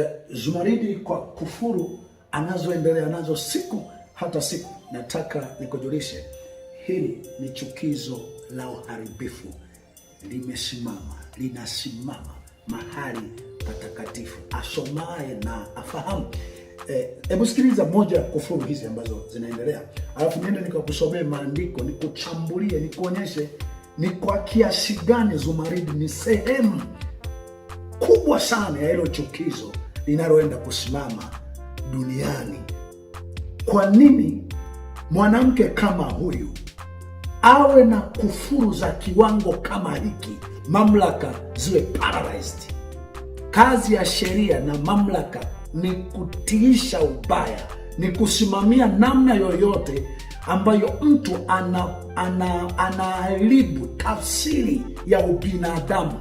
Eh, Zumaridi kwa kufuru anazoendelea nazo siku hata siku, nataka nikujulishe, hili ni chukizo la uharibifu, limesimama linasimama mahali patakatifu. Asomaye na afahamu. Eh, hebu e, sikiliza moja ya kufuru hizi ambazo zinaendelea, alafu niende nikakusomee maandiko, nikuchambulie, nikuonyeshe ni kwa kiasi gani Zumaridi ni sehemu kubwa sana ya hilo chukizo linaloenda kusimama duniani. Kwa nini mwanamke kama huyu awe na kufuru za kiwango kama hiki? Mamlaka ziwe paralyzed. Kazi ya sheria na mamlaka ni kutiisha ubaya, ni kusimamia namna yoyote ambayo mtu anaharibu ana, ana tafsiri ya ubinadamu.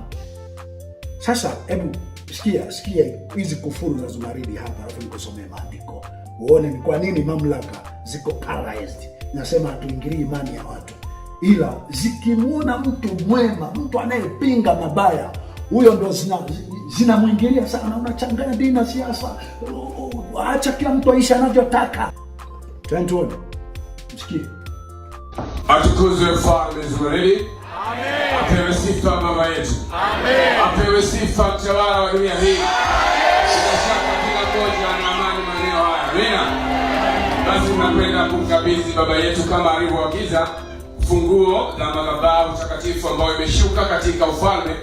Sasa hebu Sikia, sikia hizi kufuru za Zumaridi hapa, alafu nikusomee maandiko uone ni kwa nini mamlaka ziko paralyzed. Nasema hatuingirii imani ya watu, ila zikimwona mtu mwema, mtu anayepinga mabaya, huyo ndo zinamwingilia zina sana. Unachanganya dini na siasa, acha kila mtu aishi anavyotaka. msikie atukuzwe Mfalme Zumaridi. Apewe sifa baba yetu, apewe sifa mtawala wa dunia hii. Bila shaka kila mmoja ana amani maeneo haya, amina. Basi tunapenda kumkabidhi baba yetu kama alivyoagiza funguo za madhabahu takatifu ambayo imeshuka katika ufalme,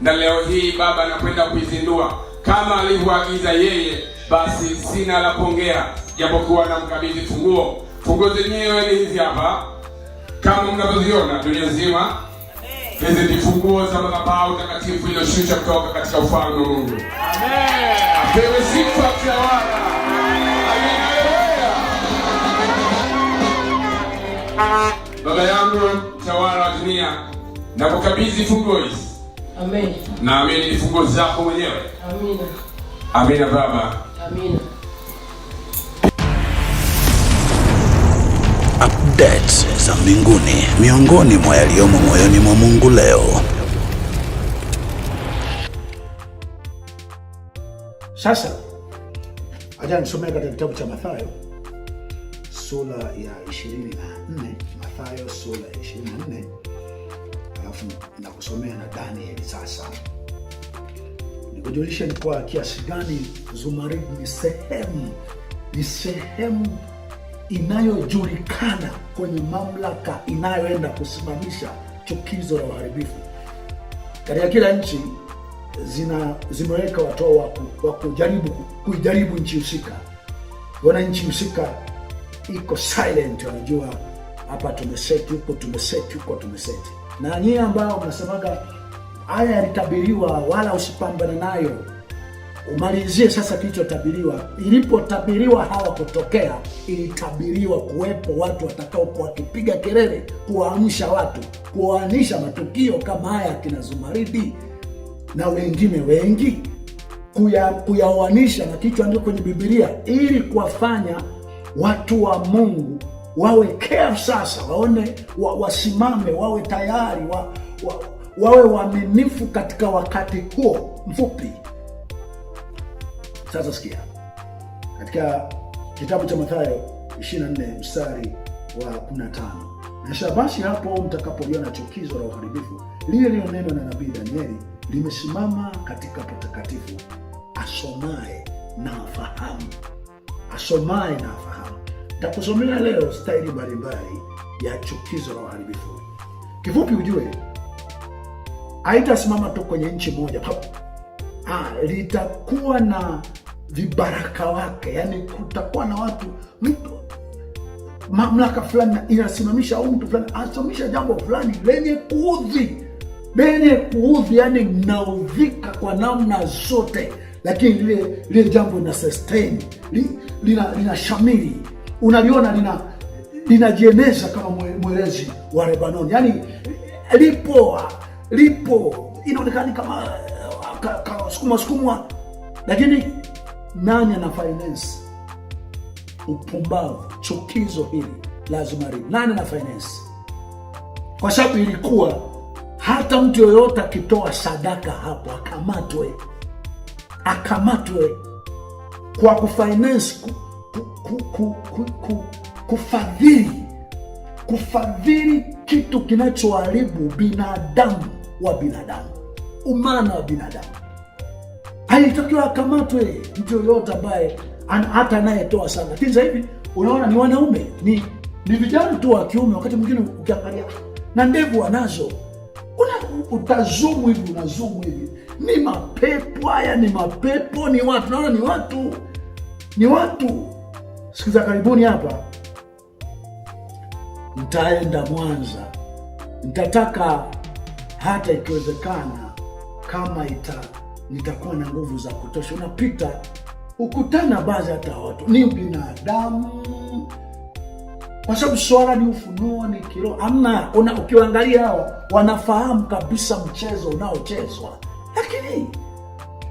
na leo hii baba anakwenda kuizindua kama alivyoagiza yeye. Basi sina la kuongea, japokuwa namkabidhi funguo. Funguo zenyewe ni hizi hapa, kama mnavyoziona dunia nzima Hizi ni funguo za madhabahu takatifu iliyoshushwa kutoka katika ufalme wa Mungu. Amen. Apewe sifa Haleluya. Baba yangu tawala wa dunia, nakukabidhi funguo hizi. Amen. Naamini ni funguo zako mwenyewe. Amina. Amina Baba. Amina. updates za mbinguni miongoni mwa yaliyomo moyoni mwa Mungu leo. Sasa acha nisomee katika kitabu cha Mathayo sura ya 24, Mathayo sura ya 24, alafu nakusomea na Danieli. Sasa nikujulishe ni kwa kiasi gani Zumaridi ni sehemu ni sehemu inayojulikana kwenye mamlaka inayoenda kusimamisha chukizo la uharibifu. Katika kila nchi zina zimeweka watoa wa kujaribu kuijaribu nchi husika. nchi husika iko silent, wanajua hapa tumeseti, huko tumeseti, huko tumeseti. Na nyie ambao mnasemaga haya yalitabiriwa, wala usipambane nayo umalizie sasa kilichotabiriwa. Ilipotabiriwa kutokea ilitabiriwa kuwepo watu watakaokuwa wakipiga kelele kuwaamsha watu, kuwaanisha matukio kama haya akina Zumaridi na wengine wengi, kuyaoanisha kuya na kilichoandikwa kwenye Bibilia ili kuwafanya watu wa Mungu wawe careful sasa, waone wa, wasimame, wawe tayari wa, wa, wawe waaminifu katika wakati huo mfupi. Sasa sikia, katika kitabu cha Mathayo 24 mstari wa 15 na shabashi hapo mtakapoiona chukizo la uharibifu lile lililonenwa na nabii Danieli limesimama katika patakatifu, asomaye na afahamu, asomaye na afahamu. Nitakusomea leo staili mbalimbali ya chukizo la uharibifu. Kifupi ujue, haitasimama tu kwenye nchi moja, ah, litakuwa na vibaraka wake, yani kutakuwa na watu, mtu mamlaka fulani inasimamisha au mtu fulani anasimamisha jambo fulani lenye kuudhi, lenye kuudhi, yani mnaudhika kwa namna zote, lakini lile lile jambo lina sustain, lina lina unaliona lina linajieneza kama mwelezi wa Lebanon, yani lipo lipo, inaonekana kama ka, ka, sukumwa sukumwa, lakini nani ana finance? Upumbavu, chukizo hili lazima ri. Nani ana finance? Kwa sababu ilikuwa hata mtu yoyote akitoa sadaka hapo akamatwe, akamatwe kwa kufinance, kufadhili kufadhili kitu kinachoharibu binadamu wa binadamu, umana wa binadamu alitakiwa akamatwe mtu yoyote ambaye hata anayetoa sana, lakini sahivi unaona ni wanaume ni ni vijana tu wa kiume, wakati mwingine ukiangalia na ndevu anazo, utazumu hivi, unazumu hivi, ni mapepo haya, ni mapepo, ni watu, naona ni watu, ni watu. Siku za karibuni hapa ntaenda Mwanza, ntataka hata ikiwezekana kama ita nitakuwa na nguvu za kutosha. Unapita ukutana baadhi hata watu, ni binadamu, kwa sababu swala ni ufunuo, ni kiroho. Amna una, ukiwaangalia hawa wanafahamu kabisa mchezo unaochezwa, lakini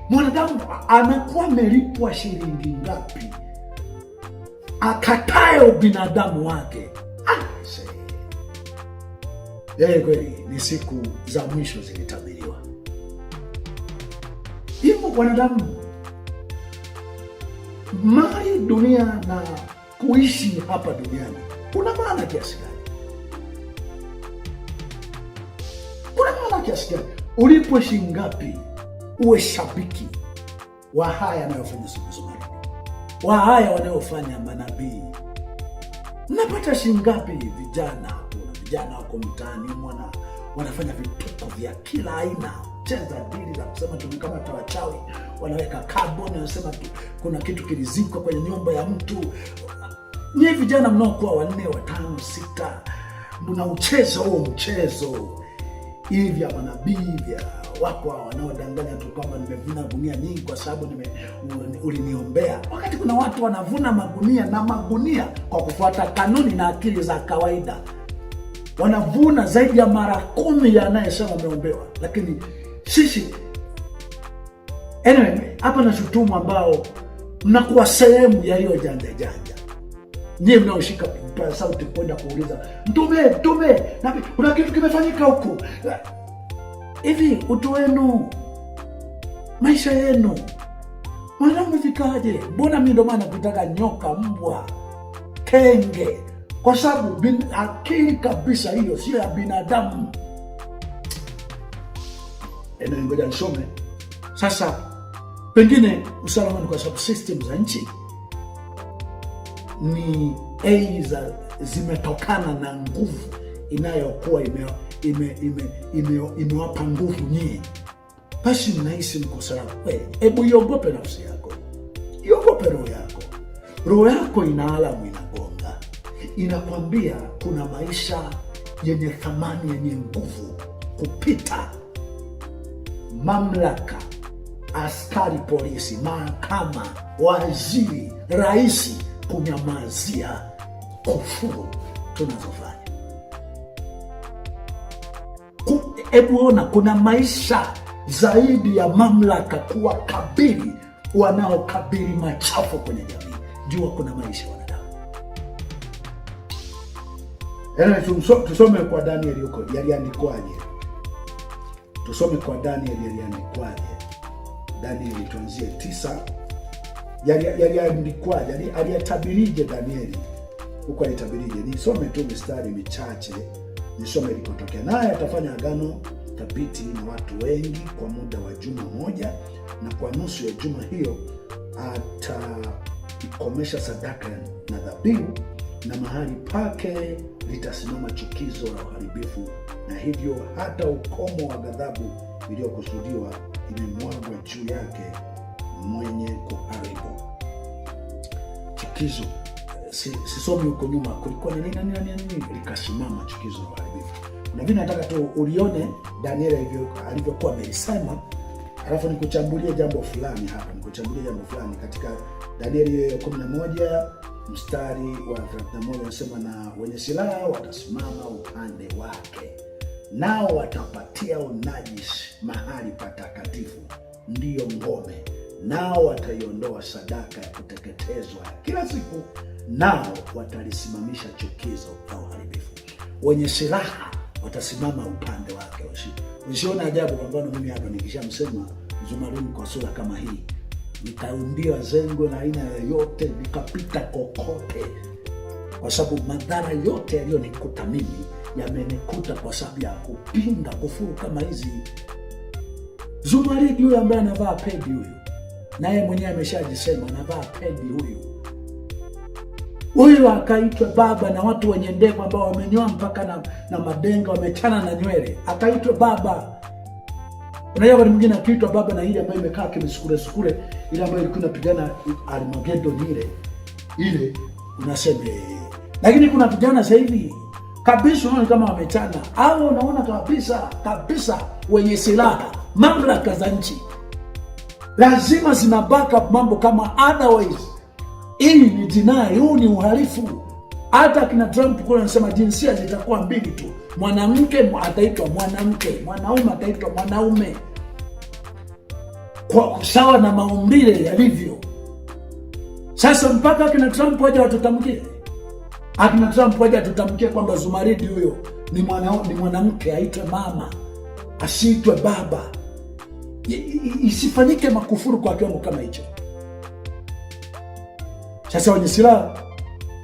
mwanadamu anakuwa amelipwa shilingi ngapi akataye ubinadamu wake? Ah, eh, kweli ni siku za mwisho zilitabiriwa hivyo wanadamu, mali dunia na kuishi hapa duniani kuna maana kiasi gani? Kuna maana kiasi gani? Ulipwe shilingi ngapi uwe shabiki wa haya yanayofanya siku wa haya wanayofanya manabii? Mnapata shilingi ngapi vijana? Kuna vijana wako mtaani mwana wanafanya vituko vya kila aina kucheza dili za kusema tu kama tu wachawi, wanaweka kaboni, wanasema kuna kitu kilizikwa kwenye nyumba ya mtu. Nyie vijana mnaokuwa wanne, watano, sita, mna ucheza huo mchezo hivi vya manabii vya wako wanaodanganya tu kwamba nimevuna gunia nyingi kwa sababu nime uliniombea, wakati kuna watu wanavuna magunia na magunia kwa kufuata kanuni na akili za kawaida wanavuna zaidi ya mara kumi ya anayesema umeombewa, lakini sisi. Anyway, hapa shutumu ambao mnakuwa sehemu ya hiyo janja janja, nyie mnaoshika kipaza sauti kwenda kuuliza mtume, mtume, kuna kitu kimefanyika huku hivi. Utu wenu, maisha yenu mwana umefikaje? Mbona mi ndo maana kutaka nyoka, mbwa, kenge, kwa sababu akili kabisa hiyo sio ya binadamu eneo, eh, ngoja nisome sasa. Pengine usalama ni kwa sababu system za nchi ni aidha zimetokana na nguvu inayokuwa imewapa ime, ime, ime, ime nguvu nyinyi, basi mnahisi mko salama. Hebu iogope nafsi yako, iogope roho yako. Roho yako ina alamu, inagonga, inakwambia kuna maisha yenye thamani, yenye nguvu kupita mamlaka, askari polisi, mahakama, waziri, rais kunyamazia kufuru tunazofanya. Hebu ona, kuna maisha zaidi ya mamlaka kuwakabili wanaokabili machafu kwenye jamii. Jua kuna maisha wanadamu. Yaani, tusome kwa Danieli huko yaliandikwaje? Tusome kwa Danieli aliandikwaje Danieli tuanzie tisa. Yaliandikwaje? Yali aliyatabirije Danieli? huku alitabirije? Nisome tu mistari michache, nisome ilipotokea. Naye atafanya agano thabiti na watu wengi kwa muda wa juma moja, na kwa nusu ya juma hiyo ataikomesha sadaka na dhabihu, na mahali pake litasimama chukizo la uharibifu na hivyo hata ukomo wa ghadhabu iliyokusudiwa imemwagwa juu yake mwenye kuharibu. Chukizo sisomi huko nyuma kulikuwa ni nini nini nini, likasimama chukizo la uharibifu. Na mimi nataka tu ulione Daniel alivyokuwa amelisema, alafu nikuchambulie jambo fulani hapa, nikuchambulie jambo fulani katika Danieli 11 mstari wa 31, anasema na wenye silaha watasimama upande wake nao watapatia unajisi mahali patakatifu, ndiyo ngome, nao wataiondoa sadaka ya kuteketezwa kila siku, nao watalisimamisha chukizo la uharibifu. Wenye silaha watasimama upande wake. Usiona ajabu kwa mfano, mimi hapa nikishamsema Zumaridi kwa sura kama hii, nikaundia zengwe na aina yoyote, nikapita kokote, kwa sababu madhara yote yaliyonikuta mimi yamenikuta kwa sababu ya kupinga kufuru kama hizi. Zuma huyu ambaye anavaa pedi huyu, naye mwenyewe ameshajisema anavaa pedi huyu huyu akaitwa baba na watu wenye ndevu ambao wamenyoa mpaka na, na madenga wamechana na nywele, akaitwa baba. Unajua kwa mwingine akiitwa baba, na ile ambayo imekaa kimsukure sukure, ile ambayo ilikuwa inapigana Armageddon ile ile, unasema. Lakini kuna vijana sasa hivi kabisa, unaona kama wamechana au unaona kabisa kabisa wenye silaha, mamlaka za nchi lazima zina backup mambo kama, otherwise hii ni jinai, huu ni uhalifu. Hata kina Trump kule anasema jinsia zitakuwa mbili tu, mwanamke ataitwa mwanamke, mwanaume ataitwa mwanaume, kwa sawa na maumbile yalivyo sasa. Mpaka kina Trump waje watutamkie akina waje atutamkie kwamba Zumaridi huyo ni mwanamke mwana, aitwe mama asiitwe baba. Isifanyike makufuru kwa kiwango kama hicho. Sasa wenye silaha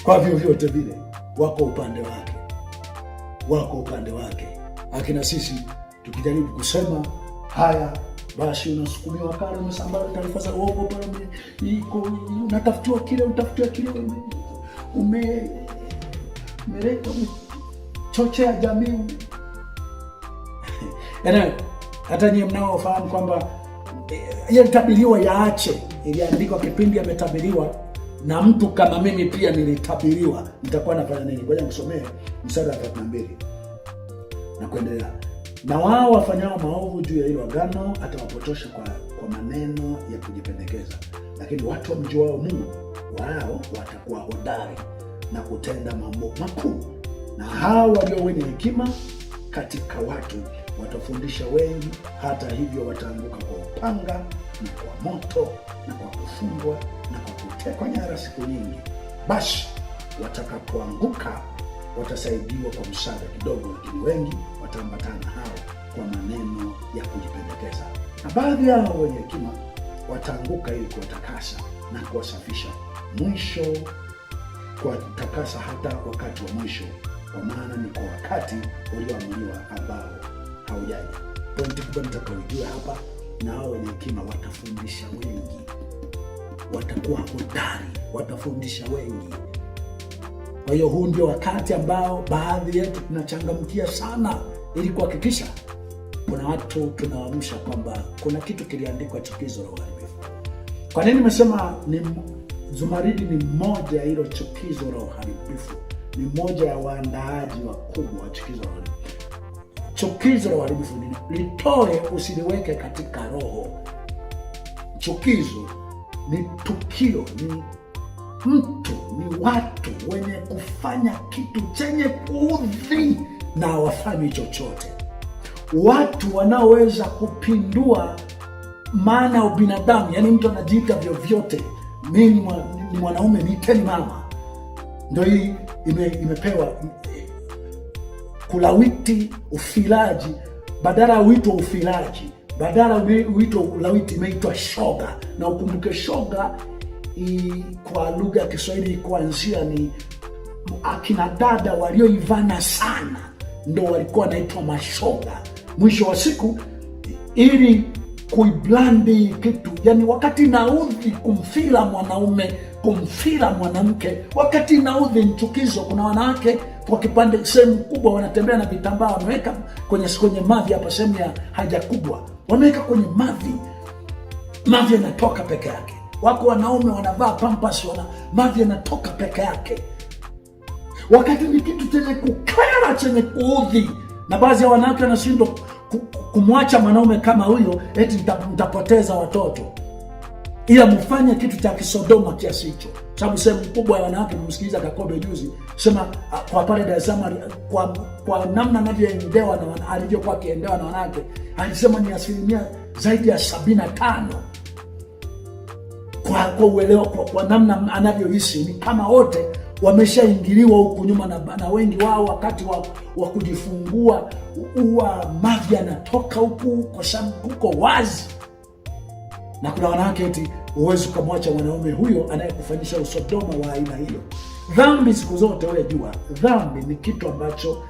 kwa vyovyote vile wako upande wake, wako upande wake. Akina sisi tukijaribu kusema haya basi unasukumiwa kale, umesambaza taarifa za uongo pale, unatafutiwa kile, utafutiwa kile, ume umeleta ya jamii. hata nyie mnaofahamu kwamba eh, hiyo tabiriwa yaache, iliandikwa kipindi ametabiriwa na mtu kama mimi, pia nilitabiriwa nitakuwa nafanya nini. Ngoja nisomee mstari wa 32 na kuendelea na wao wafanyao maovu juu ya hilo agano atawapotosha kwa, kwa maneno ya kujipendekeza, lakini watu wamjuao Mungu wao watakuwa hodari na kutenda mambo makuu, na hawa walio wenye hekima katika watu watafundisha wengi. Hata hivyo wataanguka kwa upanga na kwa moto na kwa kufungwa na kwa kutekwa nyara siku nyingi. Basi watakapoanguka watasaidiwa kwa msaada kidogo, lakini wengi wataambatana hao kwa maneno ya kujipendekeza, na baadhi yao wenye hekima wataanguka ili kuwatakasa na kuwasafisha mwisho twatakasa hata wakati wa mwisho, kwa maana ni kwa wakati ulioamuliwa ambao haujaja. Pointi kubwa nitakaoijua hapa, na hao wenye hekima watafundisha wengi, watakuwa hodari, watafundisha wengi. Kwa hiyo huu ndio wakati ambao baadhi yetu tunachangamkia sana, ili kuhakikisha kuna watu tunaamsha kwamba kuna kitu kiliandikwa, chukizo la uharibifu. Kwa nini nimesema ni Zumaridi ni moja ya hilo chukizo la uharibifu, ni moja ya waandaaji wakubwa wa chukizo la uharibifu. Chukizo la uharibifu ni litoe, usiliweke katika roho. Chukizo ni tukio, ni mtu, ni watu wenye kufanya kitu chenye kuudhi na hawafanyi chochote, watu wanaoweza kupindua maana ya ubinadamu, yaani mtu anajiita vyovyote mimi ni mwanaume, teni mama. Ndio hii ime, imepewa kulawiti ufilaji, badala ya uitwa ufilaji, badala uitwa ulawiti, imeitwa shoga. Na ukumbuke shoga i, kwa lugha ya Kiswahili kuanzia ni akina dada walioivana sana, ndo walikuwa wanaitwa mashoga. Mwisho wa siku ili kuiblandi kitu, yani wakati naudhi kumfila mwanaume kumfila mwanamke, wakati naudhi mchukizo. Kuna wanawake kwa kipande sehemu kubwa wanatembea na vitambaa wameweka kwenye kwenye mavi hapa, sehemu ya haja kubwa wameweka kwenye mavi, mavi yanatoka peke yake. Wako wanaume wanavaa pampas, wana mavi yanatoka peke yake, wakati ni kitu chenye kukera, chenye kuudhi, na baadhi ya wanawake wanashindwa kumwacha mwanaume kama huyo, eti mtapoteza watoto, ila mfanye kitu cha kisodoma kiasi hicho, sababu sehemu kubwa ya wanawake mmsikiliza Kakobe juzi sema kwa pale Dar es Salaam, kwa, kwa namna anavyoendewa na alivyokuwa akiendewa na wanawake, alisema ni asilimia zaidi ya sabini na tano kwa, kwa uelewa kwa, kwa namna anavyohisi ni kama wote wameshaingiliwa huku nyuma na, bana wengi wao wakati wa, wa kujifungua huwa mavi yanatoka huku kuko wazi, na kuna wanawake eti huwezi ukamwacha mwanaume huyo anayekufanyisha usodoma wa aina hiyo. Dhambi siku zote ule jua, dhambi ni kitu ambacho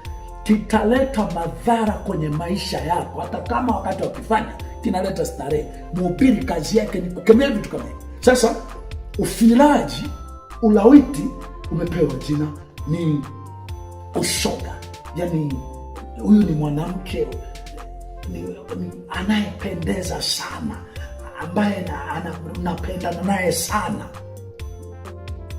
kitaleta madhara kwenye maisha yako, hata kama wakati wakifanya kinaleta starehe. Mhubiri kazi yake ni kukemea vitu kama hivi. Sasa ufilaji, ulawiti umepewa jina ni ushoga, yani huyu ni mwanamke anayependeza sana, ambaye napenda na, naye sana.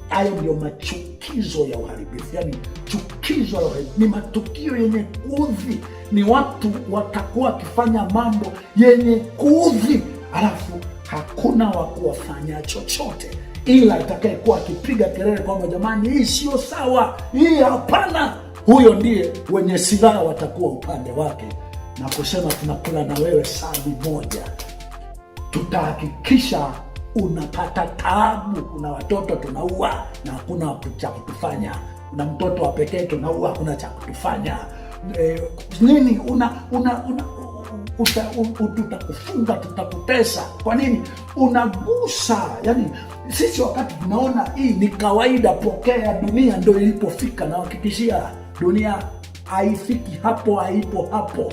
Hayo ndio machukizo ya uharibifu, yani chukizo la uharibifu ni matukio yenye kuudhi, ni watu watakuwa wakifanya mambo yenye kuudhi, alafu hakuna wa kuwafanya chochote ila itakayekuwa akipiga kelele kwamba jamani, hii siyo sawa, hii hapana, huyo ndiye wenye silaha watakuwa upande wake na kusema tunakula na wewe sabi moja, tutahakikisha unapata taabu. Kuna watoto tunaua na hakuna cha kutufanya, kuna mtoto wa pekee tunaua, hakuna cha kutufanya e, nini una, una, una tutakufunga, tutakutesa. Kwa nini unagusa yani sisi wakati tunaona hii ni kawaida, pokea dunia ndo ilipofika, na wakikishia dunia haifiki hapo, haipo hapo.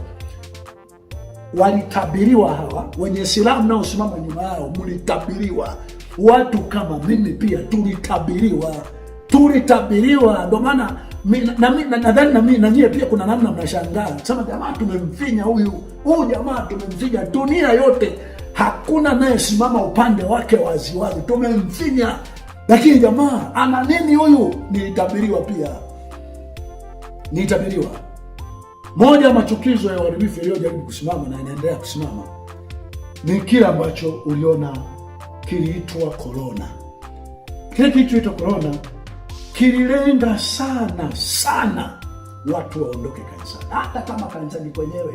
Walitabiriwa hawa wenye silaha mnaosimama nyuma yao, mlitabiriwa. Watu kama mimi pia tulitabiriwa, tulitabiriwa. Ndo maana nadhani nami na nyie pia kuna namna mnashangaa sema, jamaa tumemfinya huyu, huyu jamaa tumemfinya, dunia yote hakuna anayesimama upande wake waziwazi. Tumemfinya, lakini jamaa ana nini huyu? Nilitabiriwa pia, nilitabiriwa moja ya machukizo ya uharibifu yaliyojaribu kusimama na inaendelea kusimama ni kile ambacho uliona kiliitwa korona. Kile kilichoitwa korona kililenga sana sana watu waondoke kanisani, hata kama kanisani kwenyewe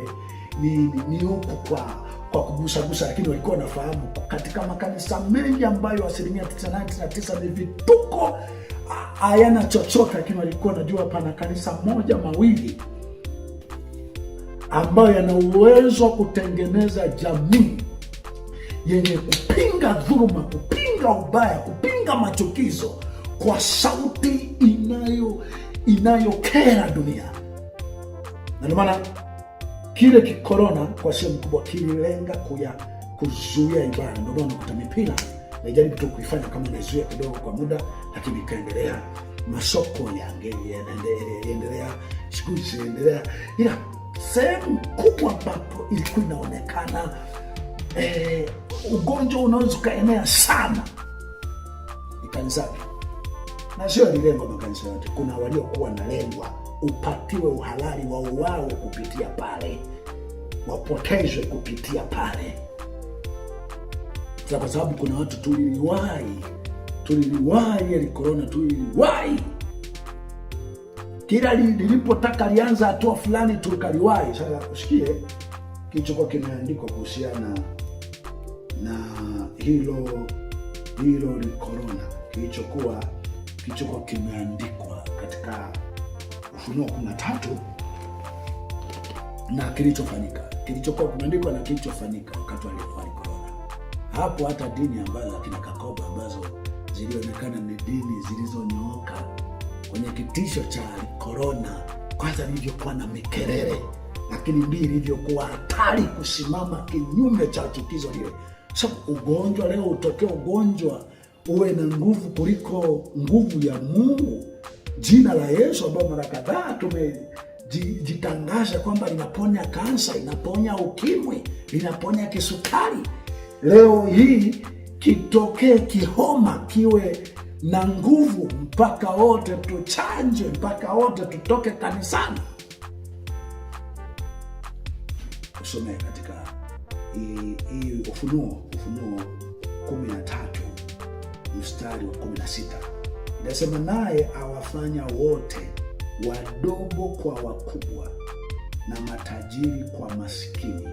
ni, ni, ni huku kwa kwa kugusagusa, lakini walikuwa wanafahamu katika makanisa mengi ambayo asilimia 99 ni vituko, hayana chochote, lakini walikuwa wanajua pana kanisa moja mawili ambayo yana uwezo wa kutengeneza jamii yenye kupinga dhuluma, kupinga ubaya, kupinga machukizo kwa sauti inayo inayokera dunia na ndio maana kile kikorona kwa sehemu kubwa kililenga kuya kuzuia ibada, ndio maana mipira najaribu tu kuifanya kama inazuia kidogo kwa muda, lakini ikaendelea, masoko yanaendelea, shughuli zinaendelea, ila sehemu kubwa ambapo ilikuwa inaonekana eh, ugonjwa unaweza ukaenea sana ni kanisani, na sio lilengo makanisa yote, kuna waliokuwa na lengwa upatiwe uhalali wa uwao kupitia pale, wapotezwe kupitia pale. Sasa kwa sababu kuna watu tuliliwahi, tuliliwahi ile yaani korona, tuliliwahi kila lilipotaka lianza hatua fulani tukaliwahi. Sasa usikie kilichokuwa kimeandikwa kuhusiana na hilo hilo likorona, kilichokuwa kilichokuwa kimeandikwa katika Ufunuo tatu na kilichofanyika, kilichokuwa kumeandikwa na kilichofanyika wakati walikuwa walikorona. Hapo hata dini ambazo akina Kakoba ambazo zilionekana ni dini zilizonyooka kwenye kitisho cha korona, kwanza ilivyokuwa na mikerere, lakini mbili ilivyokuwa hatari kusimama kinyume cha chukizo hiyo So ugonjwa leo utokee ugonjwa uwe na nguvu kuliko nguvu ya Mungu jina la Yesu ambayo mara kadhaa tumejitangaza kwamba linaponya kansa, linaponya ukimwi, linaponya kisukari. Leo hii kitokee kihoma, kiwe na nguvu, mpaka wote tuchanjwe, mpaka wote tutoke kanisani. Usomee katika hii Ufunuo, Ufunuo 13 mstari wa 16. Nasema naye awafanya wote wadogo kwa wakubwa na matajiri kwa masikini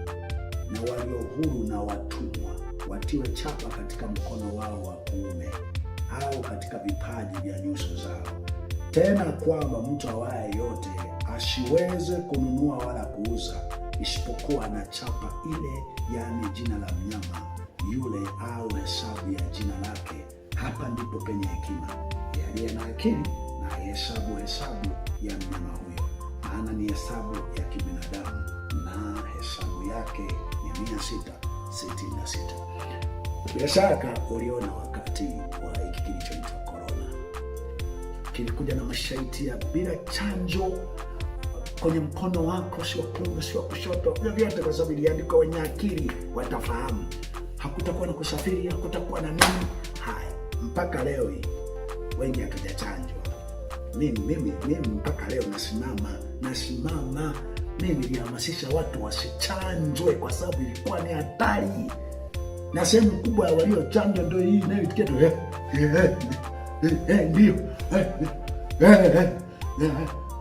na walio huru na watumwa watiwe chapa katika mkono wao wa kuume au katika vipaji vya nyuso zao, tena kwamba mtu awaye yote asiweze kununua wala kuuza isipokuwa na chapa ile, yaani jina la mnyama yule au hesabu ya jina lake. Hapa ndipo penye hekima aliye na akili na hesabu hesabu ya mnyama huyo, maana ni hesabu ya kibinadamu, na hesabu yake ni mia sita sitini na sita. Bila shaka uliona wakati wa hiki kilichoitwa korona, kilikuja na masharti ya bila chanjo kwenye mkono wako, sio kuume, sio kushoto, vyovyote, kwa sababu iliandikwa, wenye akili watafahamu. Hakutakuwa na kusafiri, hakutakuwa na nini. Haya, mpaka leo hii wengi hatujachanjwa. Mimi mimi mimi mpaka leo nasimama nasimama, mimi nilihamasisha watu wasichanjwe kwa sababu ilikuwa ni hatari, na sehemu kubwa ya waliochanjwa ndio hii inayoitikia tu ndio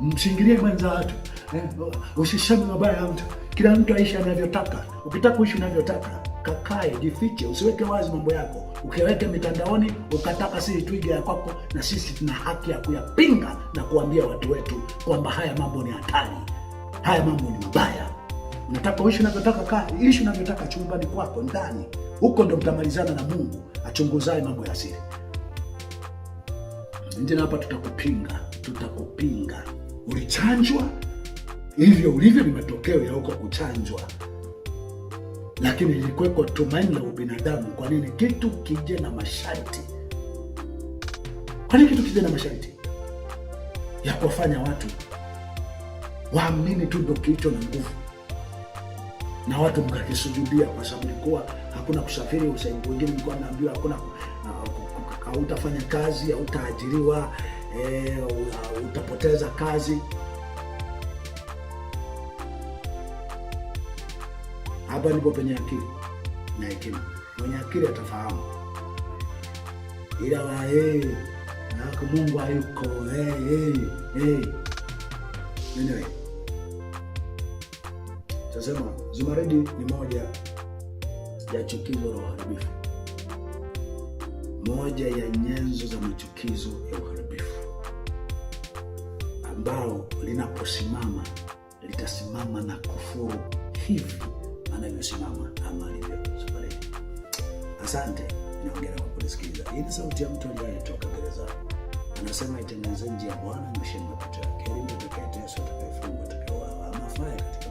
msingilie imani watu, eh, usiseme mabaya ya mtu, kila mtu aishi anavyotaka. Ukitaka kuishi unavyotaka Kakae, jifiche, usiweke wazi mambo yako, ukiweke mitandaoni ukataka sisi tuige ya kwako, na sisi tuna haki ya kuyapinga na kuambia watu wetu kwamba haya mambo ni hatari, haya mambo ni mabaya. Unataka uishi unavyotaka, kaa ishi unavyotaka chumbani kwako ndani, huko ndo mtamalizana na Mungu achunguzaye mambo ya siri. Ndina hapa tutakupinga, tutakupinga. Ulichanjwa hivyo ulivyo, ni matokeo ya huko kuchanjwa lakini ilikuweko tumaini la ubinadamu. Kwa nini kitu kije na masharti? Kwa nini kitu kije na masharti ya kuwafanya watu waamini tu ndo kilicho na nguvu, na watu mkakisujudia, kwa sababu ilikuwa hakuna kusafiri. usaini, wengine ilikuwa naambiwa hakuna, hautafanya kazi, hautaajiriwa, e, eh, utapoteza kazi. hapa ndipo penye akili na hekima. Mwenye akili atafahamu, ila wa yeye na Mungu hayuko. Hey, hey, hey. Anyway, tasema zumaridi ni moja ya chukizo la uharibifu, moja ya nyenzo za machukizo ya uharibifu ambao linaposimama litasimama na kufuru hivi anavyosimama ama alivyosogelea. Asante na hongera kwa kusikiliza. Hii ni sauti ya mtu aliyetoka gereza, anasema itangazeni njia ya Bwana, msheni mapito yake, ili mtakayeteswa, atakayefungwa, atakayeuawa ama afaye katika